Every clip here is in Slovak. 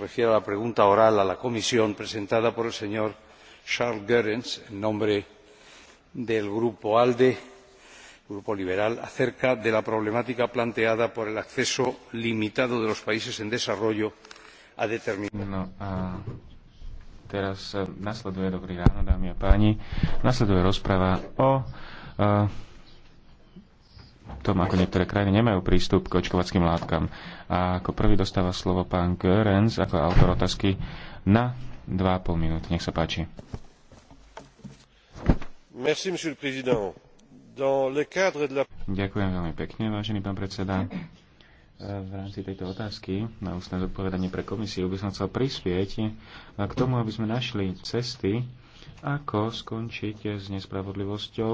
refiere a la pregunta oral a la comisión presentada por el señor charles goerens en nombre del grupo alde grupo liberal acerca de la problemática planteada por el acceso limitado de los países en desarrollo a determinados. No, tom, ako niektoré krajiny nemajú prístup k očkovackým látkam. A ako prvý dostáva slovo pán Görens ako autor otázky na 2,5 minúty. Nech sa páči. Merci, monsieur le président. Dans le cadre de la... Ďakujem veľmi pekne, vážený pán predseda. V rámci tejto otázky na ústne zodpovedanie pre komisiu by som chcel prispieť k tomu, aby sme našli cesty, ako skončiť s nespravodlivosťou,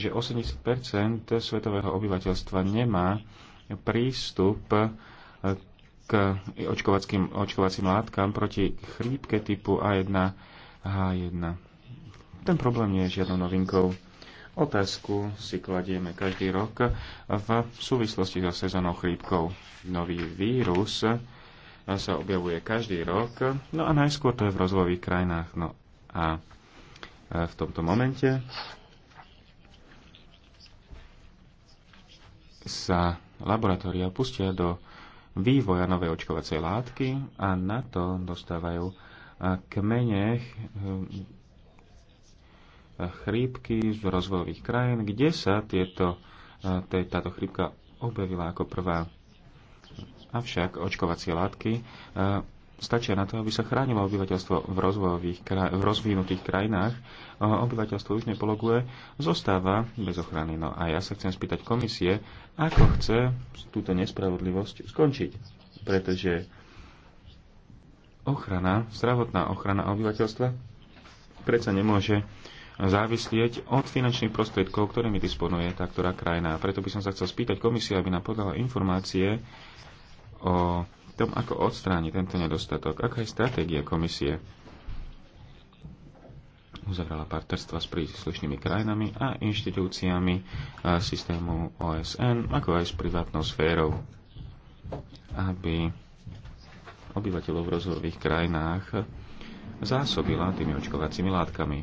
že 80 svetového obyvateľstva nemá prístup k očkovacím, očkovacím látkam proti chrípke typu A1H1. Ten problém nie je žiadnou novinkou. Otázku si kladieme každý rok v súvislosti so sezónou chrípkov. Nový vírus sa objavuje každý rok, no a najskôr to je v rozvojových krajinách. No a Eh, v tomto momente sa laboratória pustia do vývoja novej očkovacej látky a na to dostávajú eh, kmene eh, chrípky z rozvojových krajín, kde sa tieto, táto chrípka objavila ako prvá. Avšak očkovacie látky stačia na to, aby sa chránilo obyvateľstvo v, rozvojových, v rozvinutých krajinách. Obyvateľstvo už nepologuje zostáva bez ochrany. No a ja sa chcem spýtať komisie, ako chce túto nespravodlivosť skončiť. Pretože ochrana, zdravotná ochrana obyvateľstva predsa nemôže závislieť od finančných prostriedkov, ktorými disponuje tá ktorá krajina. Preto by som sa chcel spýtať komisie, aby nám podala informácie o tom, ako odstrániť tento nedostatok. Aká je stratégia komisie? Uzavrala partnerstva s príslušnými krajinami a inštitúciami a systému OSN, ako aj s privátnou sférou, aby obyvateľov v rozvojových krajinách zásobila tými očkovacími látkami.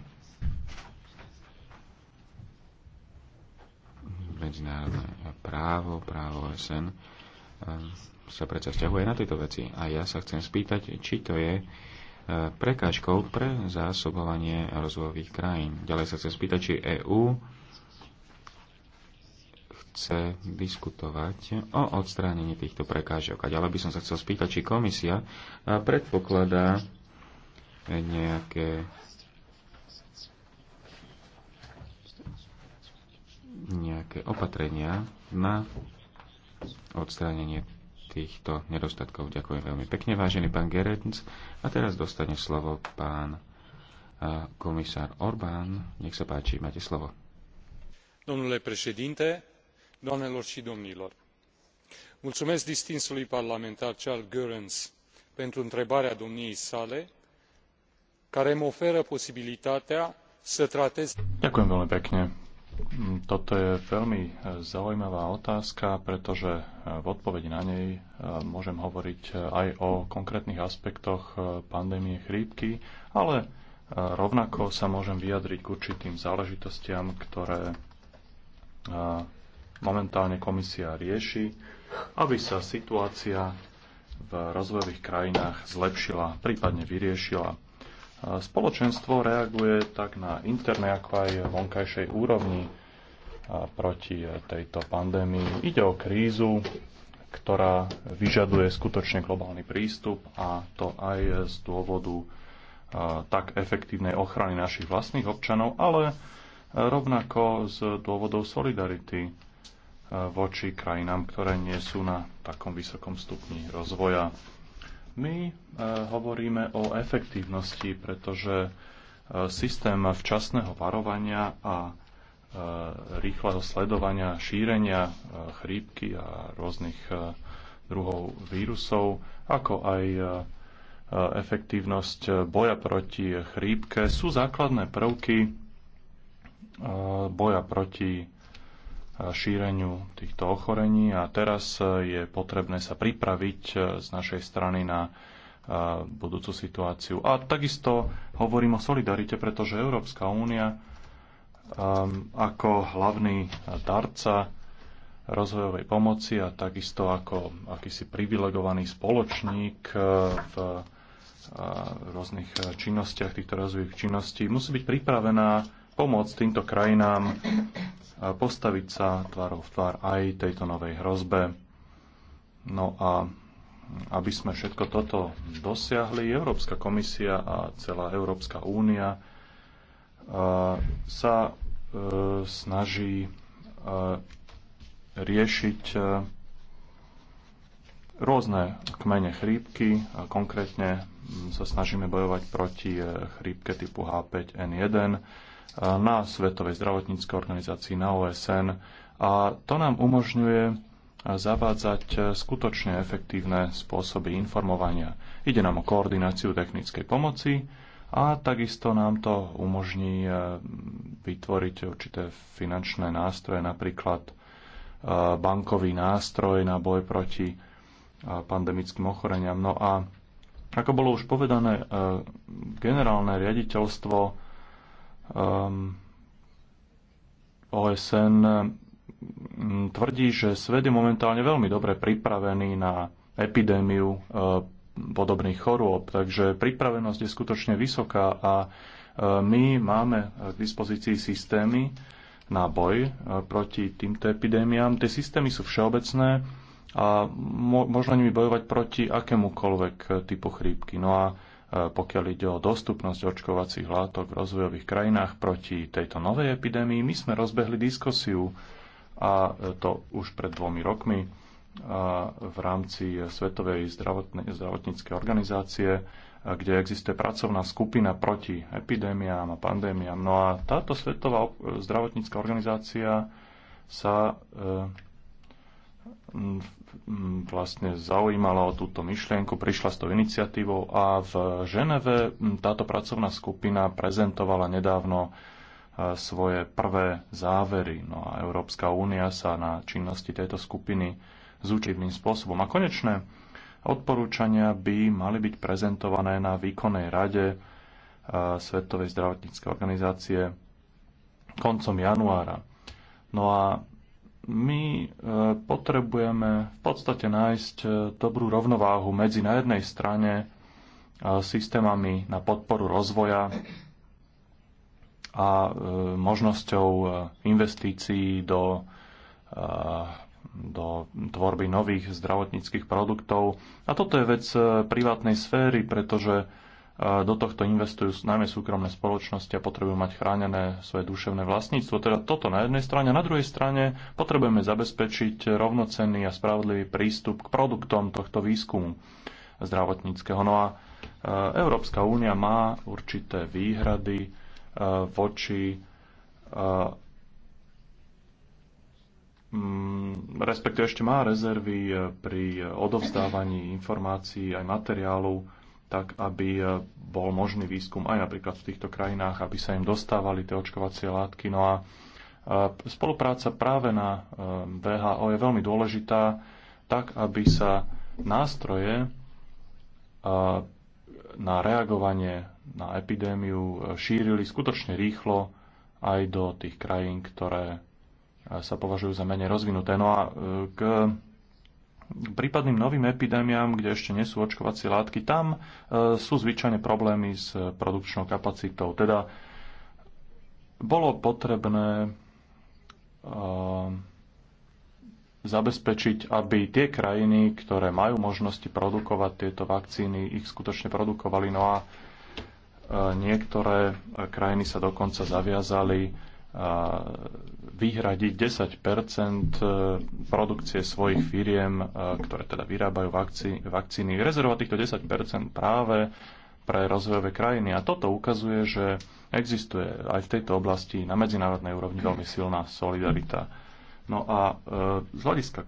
Medzinárodné právo, právo OSN ehm, sa predsa vzťahuje na tieto veci. A ja sa chcem spýtať, či to je e, prekážkou pre zásobovanie rozvojových krajín. Ďalej sa chcem spýtať, či EÚ chce diskutovať o odstránení týchto prekážok. A ďalej by som sa chcel spýtať, či komisia e, predpokladá nejaké nejaké opatrenia na odstránenie týchto nedostatkov. Ďakujem veľmi pekne, vážený pán Gerenc. A teraz dostane slovo pán komisár Orbán. Nech sa páči, máte slovo. Domnule președinte, doamnelor și domnilor, mulțumesc distinsului parlamentar Charles Goerens pentru întrebarea domniei sale, care îmi oferă posibilitatea să tratez... Ďakujem veľmi pekne, Mm, toto je veľmi e, zaujímavá otázka, pretože e, v odpovedi na nej e, môžem hovoriť aj o konkrétnych aspektoch pandémie chrípky, ale rovnako sa môžem vyjadriť k určitým záležitostiam, ktoré momentálne komisia rieši, aby sa situácia v rozvojových krajinách zlepšila, prípadne vyriešila. Spoločenstvo reaguje tak na internej, ako aj vonkajšej úrovni proti tejto pandémii. Ide o krízu, ktorá vyžaduje skutočne globálny prístup a to aj z dôvodu tak efektívnej ochrany našich vlastných občanov, ale rovnako z dôvodov solidarity voči krajinám, ktoré nie sú na takom vysokom stupni rozvoja. My eh, hovoríme o efektívnosti, pretože eh, systém včasného varovania a eh, rýchleho sledovania šírenia chrípky a rôznych druhov vírusov, ako aj efektívnosť boja proti chrípke sú základné prvky boja proti šíreniu týchto ochorení a teraz e, je potrebné sa pripraviť e, z našej strany na e, budúcu situáciu. A takisto hovorím o solidarite, pretože Európska únia ako hlavný darca rozvojovej pomoci a takisto ako akýsi privilegovaný spoločník v rôznych činnostiach, týchto rozvojových činností, musí byť pripravená pomôcť týmto krajinám postaviť sa tvárov v tvár aj tejto novej hrozbe. No a aby sme všetko toto dosiahli, Európska komisia a celá Európska únia e, sa e, snaží e, riešiť rôzne kmene chrípky. A konkrétne sa snažíme bojovať proti chrípke typu H5N1 na Svetovej zdravotníckej organizácii, na OSN a to nám umožňuje zavádzať skutočne efektívne spôsoby informovania. Ide nám o koordináciu technickej pomoci a takisto nám to umožní e, vytvoriť určité finančné nástroje, napríklad e, bankový nástroj na boj proti e, pandemickým ochoreniam. No a ako bolo už povedané, generálne riaditeľstvo um, OSN mm, tvrdí, že svet je momentálne veľmi dobre pripravený na epidémiu uh, podobných chorôb, takže pripravenosť je skutočne vysoká a uh, my máme k dispozícii systémy na boj uh, proti týmto epidémiám. Tie systémy sú všeobecné a možno nimi bojovať proti akémukoľvek typu chrípky. No a E, pokiaľ ide o dostupnosť očkovacích látok v rozvojových krajinách proti tejto novej epidémii. My sme rozbehli diskusiu a e, to už pred dvomi rokmi a e, v rámci Svetovej zdravotne, zdravotníckej organizácie, kde existuje pracovná skupina proti epidémiám a pandémiám. No a táto Svetová zdravotnícka organizácia sa vlastne zaujímala o túto myšlienku, prišla s tou iniciatívou a v Ženeve táto pracovná skupina prezentovala nedávno e, svoje prvé závery. No a Európska únia sa na činnosti tejto skupiny zúčivným spôsobom. A konečné odporúčania by mali byť prezentované na výkonnej rade e, Svetovej zdravotníckej organizácie koncom januára. No a my e, potrebujeme v podstate nájsť e, dobrú rovnováhu medzi na jednej strane e, systémami na podporu rozvoja a možnosťou investícií do, do tvorby nových zdravotníckých produktov. A toto je vec privátnej sféry, pretože do tohto investujú najmä súkromné spoločnosti a potrebujú mať chránené svoje duševné vlastníctvo. Teda toto na jednej strane. Na druhej strane potrebujeme zabezpečiť rovnocenný a spravodlivý prístup k produktom tohto výskumu zdravotníckého. No a e, Európska únia má určité výhrady e, voči e, mm, respektíve ešte má rezervy pri odovzdávaní informácií aj materiálu tak aby e, bol možný výskum aj napríklad v týchto krajinách, aby sa im dostávali tie očkovacie látky. No a e, spolupráca práve na e, VHO je veľmi dôležitá, tak aby sa nástroje na reagovanie na epidémiu šírili skutočne rýchlo aj do tých krajín, ktoré sa považujú za menej rozvinuté. No a k prípadným novým epidémiám, kde ešte nie sú očkovacie látky, tam e, sú zvyčajne problémy s e, produkčnou kapacitou. Teda bolo potrebné e, zabezpečiť, aby tie krajiny, ktoré majú možnosti produkovať tieto vakcíny, ich skutočne produkovali. No a niektoré krajiny sa dokonca zaviazali vyhradiť 10 e, produkcie svojich firiem, e, ktoré teda vyrábajú vakcíny, rezervovať týchto 10 práve pre rozvojové krajiny. A toto ukazuje, že existuje aj v tejto oblasti na medzinárodnej úrovni veľmi silná solidarita. No a e, z hľadiska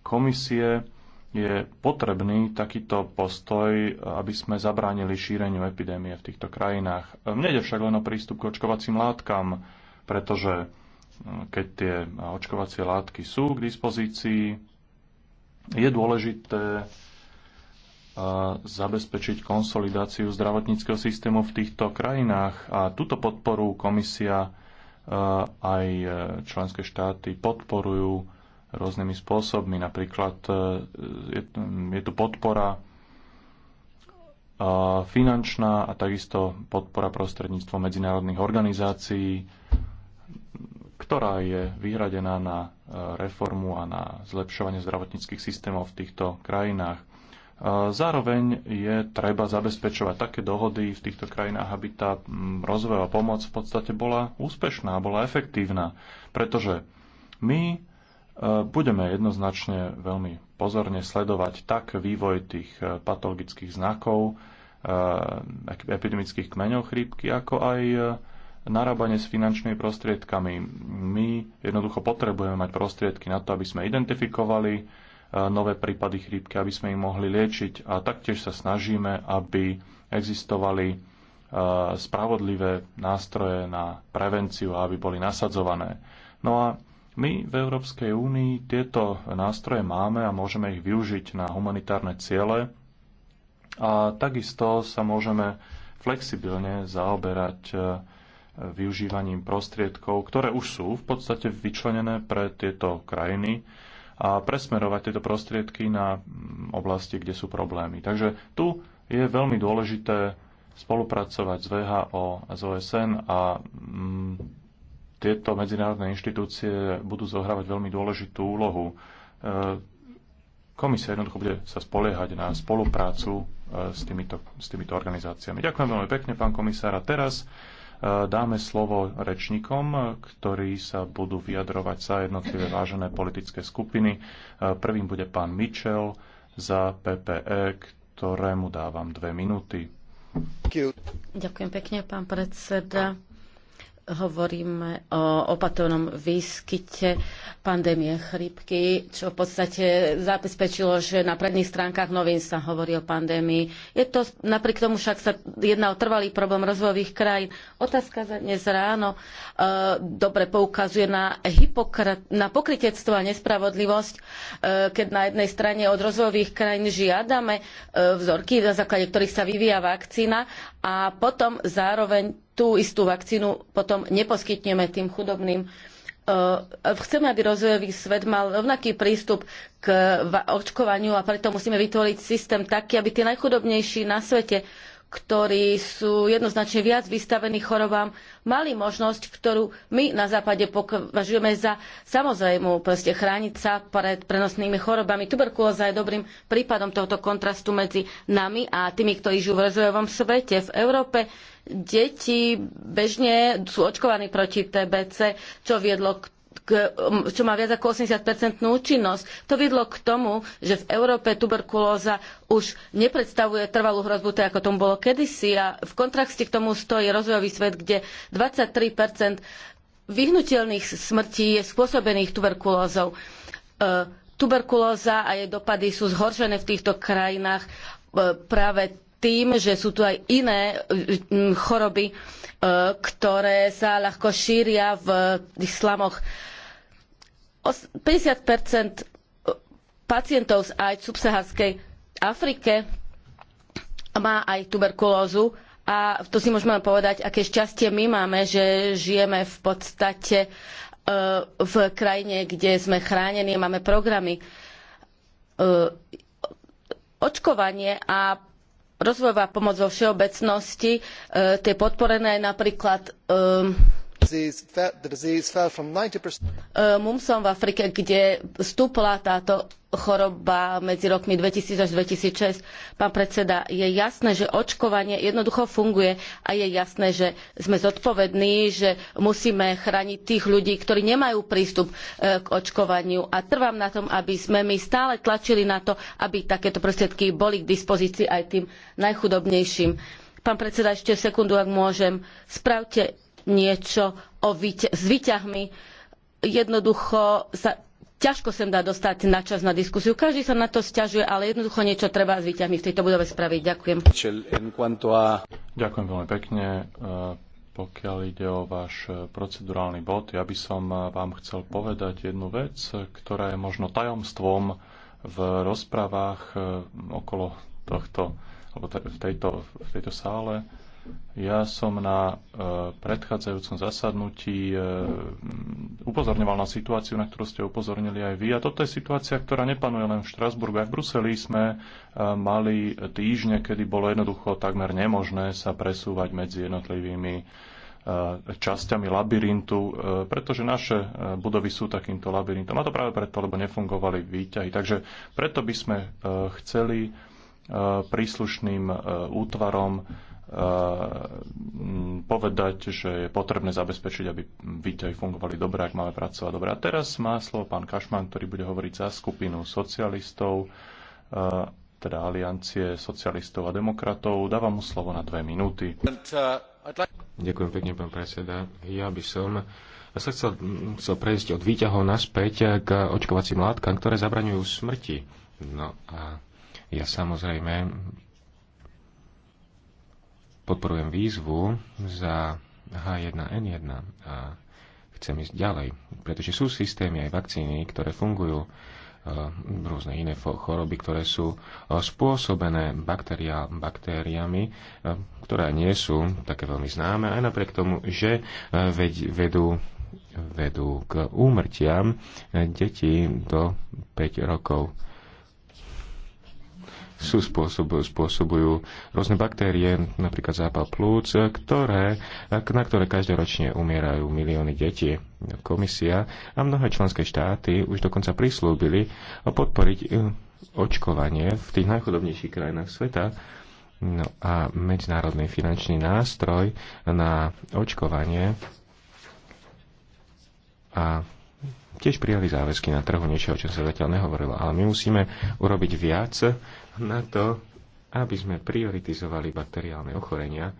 komisie je potrebný takýto postoj, aby sme zabránili šíreniu epidémie v týchto krajinách. Nede však len o prístup k očkovacím látkam, pretože eh, keď tie očkovacie látky sú k dispozícii, je dôležité eh, zabezpečiť konsolidáciu zdravotníckého systému v týchto krajinách a túto podporu komisia eh, aj členské štáty podporujú rôznymi spôsobmi. Napríklad e, je, je tu podpora e, finančná a takisto podpora prostredníctvom medzinárodných organizácií, ktorá je vyhradená na e, reformu a na zlepšovanie zdravotníckých systémov v týchto krajinách. Zároveň je treba zabezpečovať také dohody v týchto krajinách, aby tá rozvojová pomoc v podstate bola úspešná, bola efektívna, pretože my E, budeme jednoznačne veľmi pozorne sledovať tak vývoj tých e, patologických znakov, e, epidemických kmeňov chrípky, ako aj narábanie s finančnými prostriedkami. My jednoducho potrebujeme mať prostriedky na to, aby sme identifikovali nové prípady chrípky, aby sme ich mohli liečiť a taktiež sa snažíme, aby existovali spravodlivé nástroje na prevenciu a aby boli nasadzované. No a my v Európskej únii tieto nástroje máme a môžeme ich využiť na humanitárne ciele a takisto sa môžeme flexibilne zaoberať e, využívaním prostriedkov, ktoré už sú v podstate vyčlenené pre tieto krajiny a presmerovať tieto prostriedky na mm, oblasti, kde sú problémy. Takže tu je veľmi dôležité spolupracovať s VHO a s OSN a mm, tieto medzinárodné inštitúcie budú zohrávať veľmi dôležitú úlohu. E, komisia jednoducho bude sa spoliehať na spoluprácu e, s týmito, s týmito organizáciami. Ďakujem veľmi pekne, pán komisár. A teraz e, dáme slovo rečníkom, ktorí sa budú vyjadrovať za jednotlivé vážené politické skupiny. Prvým bude pán Mitchell za PPE, ktorému dávam dve minúty. Ďakujem pekne, pán predseda hovoríme o opatovnom výskyte pandémie chrypky, čo v podstate zabezpečilo, že na predných stránkach novín sa hovorí o pandémii. Je to, napriek tomu však sa jedná o trvalý problém rozvojových krajín. Otázka za dnes ráno e, dobre poukazuje na, hypokrat, na pokritectvo a nespravodlivosť, e, keď na jednej strane od rozvojových krajín žiadame e, vzorky, na základe ktorých sa vyvíja vakcína a potom zároveň tú istú vakcínu potom neposkytneme tým chudobným. E, chceme, aby rozvojový svet mal rovnaký prístup k očkovaniu a preto musíme vytvoriť systém taký, aby tí najchudobnejší na svete ktorí sú jednoznačne viac vystavení chorobám, mali možnosť, ktorú my na západe považujeme za samozrejmú, proste chrániť sa pred prenosnými chorobami. Tuberkulóza je dobrým prípadom tohto kontrastu medzi nami a tými, ktorí žijú v rozvojovom svete. V Európe deti bežne sú očkovaní proti TBC, čo viedlo k k, um, čo má viac ako 80-percentnú účinnosť. To viedlo k tomu, že v Európe tuberkulóza už nepredstavuje trvalú hrozbu, tak ako tomu bolo kedysi. A v kontraste k tomu stojí rozvojový svet, kde 23 vyhnutelných smrtí je spôsobených tuberkulózou. E, tuberkulóza a jej dopady sú zhoršené v týchto krajinách e, práve tým, že sú tu aj iné mm, choroby, e, ktoré sa ľahko šíria v tých slamoch. 50 pacientov z AIDS v subsaharskej Afrike má aj tuberkulózu a to si môžeme povedať, aké šťastie my máme, že žijeme v podstate e, v krajine, kde sme chránení, máme programy e, očkovanie a rozvojová pomoc vo všeobecnosti, e, tie podporené napríklad e, mumsom v Afrike, kde stúpla táto choroba medzi rokmi thousand až 2006. Pán predseda, je jasné, že očkovanie jednoducho funguje a je jasné, že sme zodpovední, že musíme chrániť tých ľudí, ktorí nemajú prístup e, k očkovaniu. A trvám na tom, aby sme my stále tlačili na to, aby takéto prostriedky boli k dispozícii aj tým najchudobnejším. Pán predseda, ešte sekundu, ak môžem. Spravte niečo o s výťahmi. Jednoducho sa ťažko sem dá dostať na čas na diskusiu. Každý sa na to sťažuje, ale jednoducho niečo treba s výťahmi v tejto budove spraviť. Ďakujem. Ďakujem veľmi pekne. E, pokiaľ ide o váš e, procedurálny bod, ja by som e, vám chcel povedať jednu vec, ktorá je možno tajomstvom v rozprávach okolo tohto, alebo v tejto, v tejto sále. Ja som na e, predchádzajúcom zasadnutí e, upozorňoval na situáciu, na ktorú ste upozornili aj vy. A toto je situácia, ktorá nepanuje len v Štrasburgu. Aj v Bruseli sme e, mali týždne, kedy bolo jednoducho takmer nemožné sa presúvať medzi jednotlivými časťami labyrintu, pretože naše budovy sú takýmto labyrintom. A to práve preto, lebo nefungovali výťahy. Takže preto by sme chceli príslušným útvarom Eh, povedať, že je potrebné zabezpečiť, aby výťahy fungovali dobre, ak máme pracovať dobre. A teraz má slovo pán Kašman, ktorý bude hovoriť za skupinu socialistov, eh, teda aliancie socialistov a demokratov. Dávam mu slovo na dve minúty. Ďakujem pekne, pán predseda. Ja by som ja sa chcel, chcel prejsť od výťahov naspäť k očkovacím látkam, ktoré zabraňujú smrti. No a ja samozrejme podporujem výzvu za H1N1 a chcem ísť ďalej, pretože sú systémy aj vakcíny, ktoré fungujú e, rôzne iné choroby, ktoré sú e, spôsobené bakteria, baktériami, e, ktoré nie sú také veľmi známe, aj napriek tomu, že vedú vedú k úmrtiam detí do 5 rokov sú spôsob, spôsobujú rôzne baktérie, napríklad zápal plúc, ktoré, na ktoré každoročne umierajú milióny detí. Komisia a mnohé členské štáty už dokonca prislúbili podporiť e, očkovanie v tých najchudobnejších krajinách sveta, No a medzinárodný finančný nástroj na očkovanie a tiež prijali záväzky na trhu niečo, o čo sa zatiaľ nehovorilo. Ale my musíme urobiť viac na to, aby sme prioritizovali bakteriálne ochorenia eh,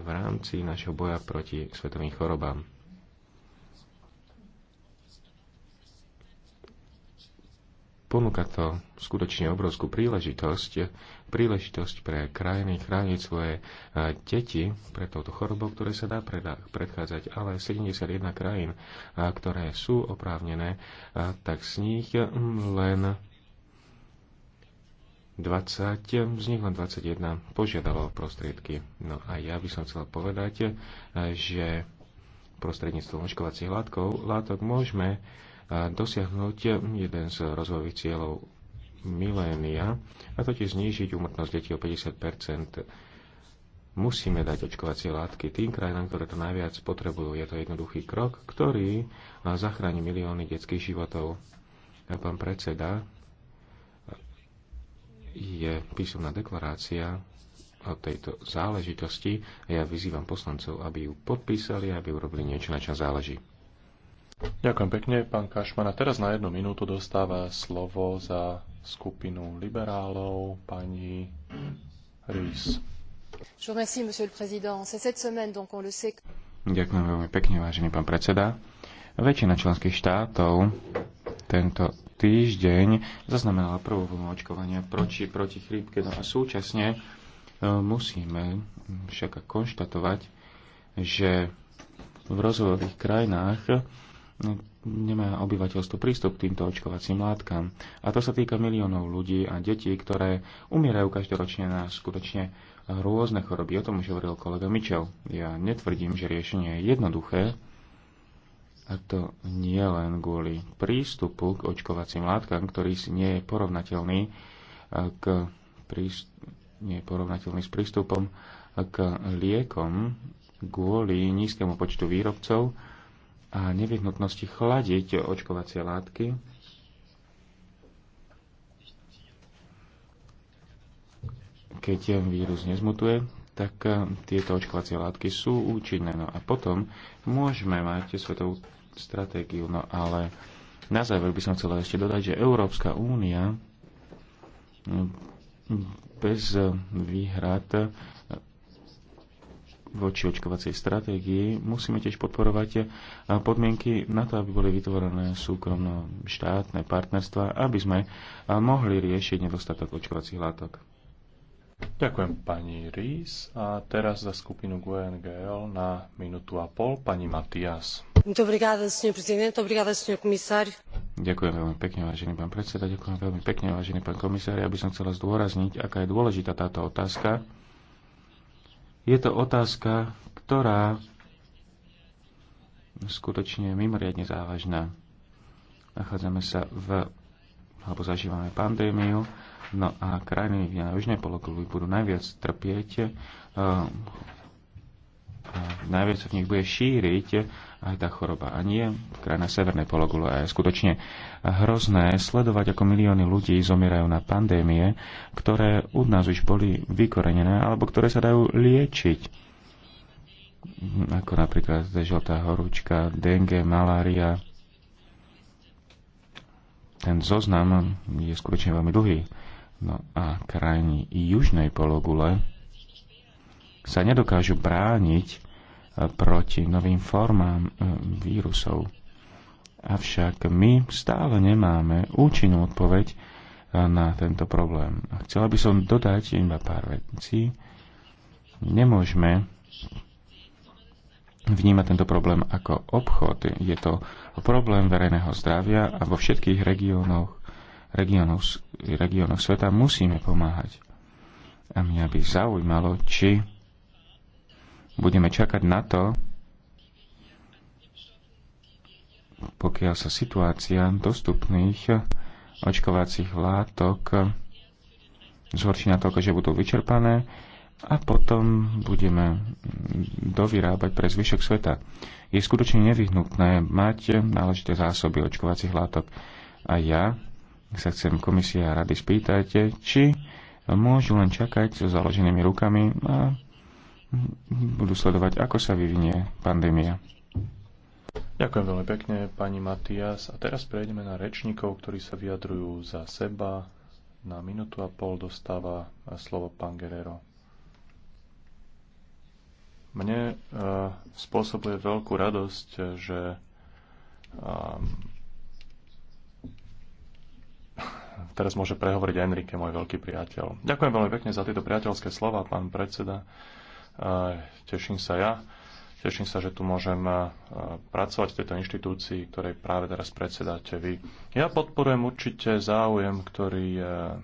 v rámci našho boja proti svetovým chorobám. Ponúka to skutočne obrovskú príležitosť, príležitosť pre krajiny chrániť svoje eh, deti pre touto chorobou, ktoré sa dá predchádzať, ale 71 krajín, eh, ktoré sú oprávnené, tak z nich len 20, z nich len 21 požiadalo prostriedky. No a ja by som chcel povedať, eh, že prostredníctvom očkovacích látkov, látok môžeme eh, dosiahnuť jeden z rozvojových cieľov milénia, a totiž znížiť úmrtnosť detí o 50 Musíme dať očkovacie látky tým krajinám, ktoré to najviac potrebujú. Je to jednoduchý krok, ktorý eh, zachráni milióny detských životov. Pán predseda, je písomná deklarácia o tejto záležitosti a ja vyzývam poslancov, aby ju podpísali, aby urobili niečo, na čo záleží. Ďakujem pekne, pán Kašman. A teraz na jednu minútu dostáva slovo za skupinu liberálov pani Rís. Ďakujem veľmi pekne, vážený pán predseda. Väčšina členských štátov tento týždeň zaznamenala prvú vlnu očkovania proti, proti chrípke. No a súčasne e, musíme však konštatovať, že v rozvojových krajinách e, nemá obyvateľstvo prístup k týmto očkovacím látkam. A to sa týka miliónov ľudí a detí, ktoré umierajú každoročne na skutočne rôzne choroby. O tom už hovoril kolega Mičel. Ja netvrdím, že riešenie je jednoduché, a to nie len kvôli prístupu k očkovacím látkam, ktorý nie je porovnateľný e, k príst- nie je porovnateľný s prístupom k liekom kvôli nízkemu počtu výrobcov a nevyhnutnosti chladiť očkovacie látky. Keď vírus nezmutuje, tak e, tieto očkovacie látky sú účinné. No a potom môžeme mať svetovú stratégiu. No ale na záver by som chcela ešte dodať, že Európska únia no, bez výhrad e, voči očkovacej stratégii musíme tiež podporovať e, podmienky na to, aby boli vytvorené súkromno-štátne partnerstva, aby sme mohli riešiť nedostatok očkovacích látok. Ďakujem pani Rís a teraz za skupinu GNGL na minútu a pol pani Matias. Ďakujem veľmi pekne, vážený pán predseda, ďakujem veľmi pekne, vážený pán komisár. Ja by som chcela zdôrazniť, aká je dôležitá táto otázka. Je to otázka, ktorá skutočne mimoriadne závažná. Nachádzame sa v, alebo zažívame pandémiu, No a krajiny na južnej polokuli budú najviac trpieť, eh, najviac v nich bude šíriť aj tá choroba. A nie krajina severnej pologule. A je skutočne hrozné sledovať, ako milióny ľudí zomierajú na pandémie, ktoré u nás už boli vykorenené, alebo ktoré sa dajú liečiť ako napríklad žltá horúčka, dengue, malária. Ten zoznam je skutočne veľmi dlhý. No a krajiny južnej pologule sa nedokážu brániť e, proti novým formám e, vírusov. Avšak my stále nemáme účinnú odpoveď e, na tento problém. A chcela by som dodať iba pár vecí. Nemôžeme vnímať tento problém ako obchod. Je to problém verejného zdravia a vo všetkých regiónoch regiónoch, regiónoch sveta musíme pomáhať. A mňa by zaujímalo, či budeme čakať na to, pokiaľ sa situácia dostupných očkovacích látok zhorší na toľko, že budú vyčerpané a potom budeme dovyrábať pre zvyšok sveta. Je skutočne nevyhnutné mať náležité zásoby očkovacích látok. A ja sa chcem komisia a rady spýtať, či môžu len čakať so založenými rukami a budú sledovať, ako sa vyvinie pandémia. Ďakujem veľmi pekne, pani Matias. A teraz prejdeme na rečníkov, ktorí sa vyjadrujú za seba. Na minútu a pol dostáva slovo pán Guerrero. Mne uh, spôsobuje veľkú radosť, že eh, teraz môže prehovoriť Enrique, môj veľký priateľ. Ďakujem veľmi pekne za tieto priateľské slova, pán predseda. E, teším sa ja. Teším sa, že tu môžem e, pracovať v tejto inštitúcii, ktorej práve teraz predsedáte vy. Ja podporujem určite záujem, ktorý e,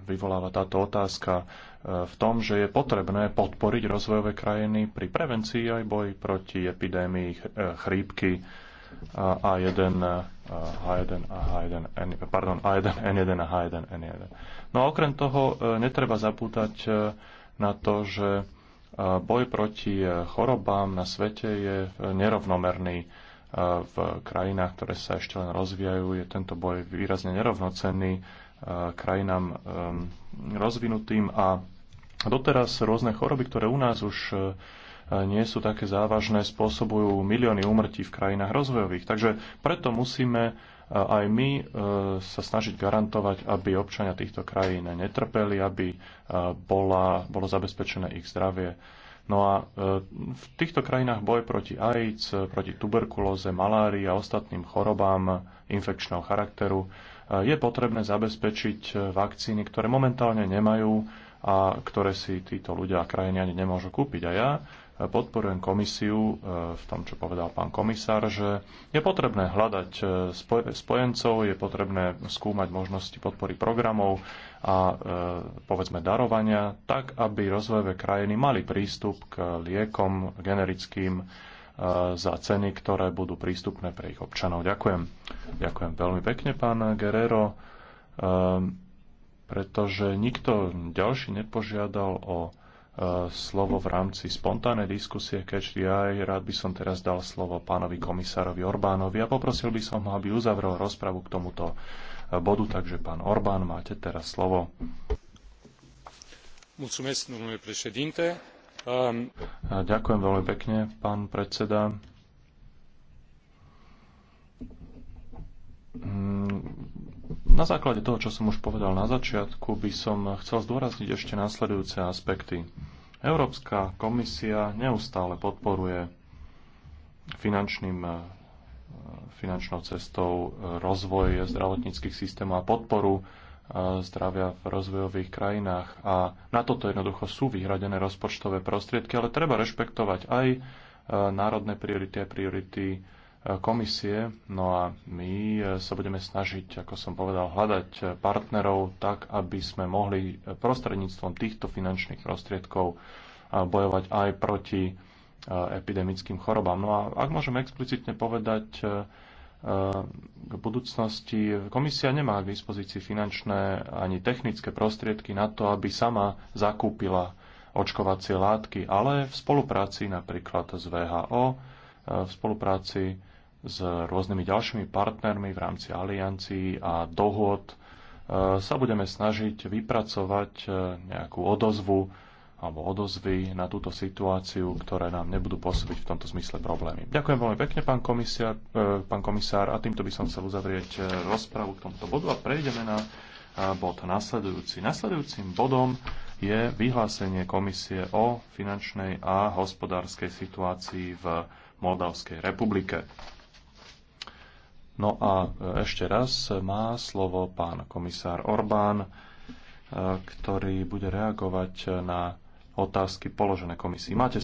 vyvoláva táto otázka v tom, že je potrebné podporiť rozvojové krajiny pri prevencii aj boji proti epidémii chrípky a1, H1 a H1N, pardon, A1N1 a H1N1. No a okrem toho e, netreba zapútať e, na to, že e, boj proti chorobám na svete je nerovnomerný. V krajinách, ktoré sa ešte len rozvíjajú, je tento boj výrazne nerovnocenný krajinám rozvinutým a doteraz rôzne choroby, ktoré u nás už nie sú také závažné, spôsobujú milióny úmrtí v krajinách rozvojových. Takže preto musíme e, aj my e, sa snažiť garantovať, aby občania týchto krajín netrpeli, aby e, bola, bolo zabezpečené ich zdravie. No a v týchto krajinách boj proti AIDS, proti tuberkulóze, malárii a ostatným chorobám infekčného charakteru je potrebné zabezpečiť vakcíny, ktoré momentálne nemajú a ktoré si títo ľudia a krajiny ani nemôžu kúpiť. A ja podporujem komisiu e, v tom, čo povedal pán komisár, že je potrebné hľadať e, spojencov, je potrebné skúmať možnosti podpory programov a e, povedzme darovania, tak aby rozvojové krajiny mali prístup k liekom generickým za ceny, ktoré budú prístupné pre ich občanov. Ďakujem. Ďakujem veľmi pekne, pán Guerrero, pretože nikto ďalší nepožiadal o slovo v rámci spontánnej diskusie Catch the Eye. Rád by som teraz dal slovo pánovi komisárovi Orbánovi a poprosil by som ho, aby uzavrel rozpravu k tomuto bodu. Takže pán Orbán, máte teraz slovo. Ďakujem veľmi pekne, pán predseda. Mm, na základe toho, čo som už povedal na začiatku, by som chcel zdôrazniť ešte následujúce aspekty. Európska komisia neustále podporuje finančným, eh, finančnou cestou eh, rozvoj zdravotníckých systémov a podporu eh, zdravia v rozvojových krajinách. A na toto jednoducho sú vyhradené rozpočtové prostriedky, ale treba rešpektovať aj národné priority a priority komisie. No a my eh, sa budeme snažiť, ako som povedal, hľadať eh, partnerov tak, aby sme mohli eh, prostredníctvom týchto finančných prostriedkov bojovať aj proti epidemickým chorobám. No a ak môžem explicitne povedať, k budúcnosti. Komisia nemá k dispozícii finančné ani technické prostriedky na to, aby sama zakúpila očkovacie látky, ale v spolupráci napríklad s VHO, v spolupráci s rôznymi ďalšími partnermi v rámci aliancií a dohod e, sa budeme snažiť vypracovať e, nejakú odozvu alebo odozvy na túto situáciu, ktoré nám nebudú pôsobiť v tomto zmysle problémy. Ďakujem veľmi pekne, pán komisár, e, pán komisár a týmto by som chcel uzavrieť rozpravu k tomuto bodu a prejdeme na bod nasledujúci. Nasledujúcim bodom je vyhlásenie komisie o finančnej a hospodárskej situácii v Moldavskej republike. No a e, ešte raz má slovo pán komisár Orbán, e, ktorý bude reagovať e, na otázky položené komisii. Máte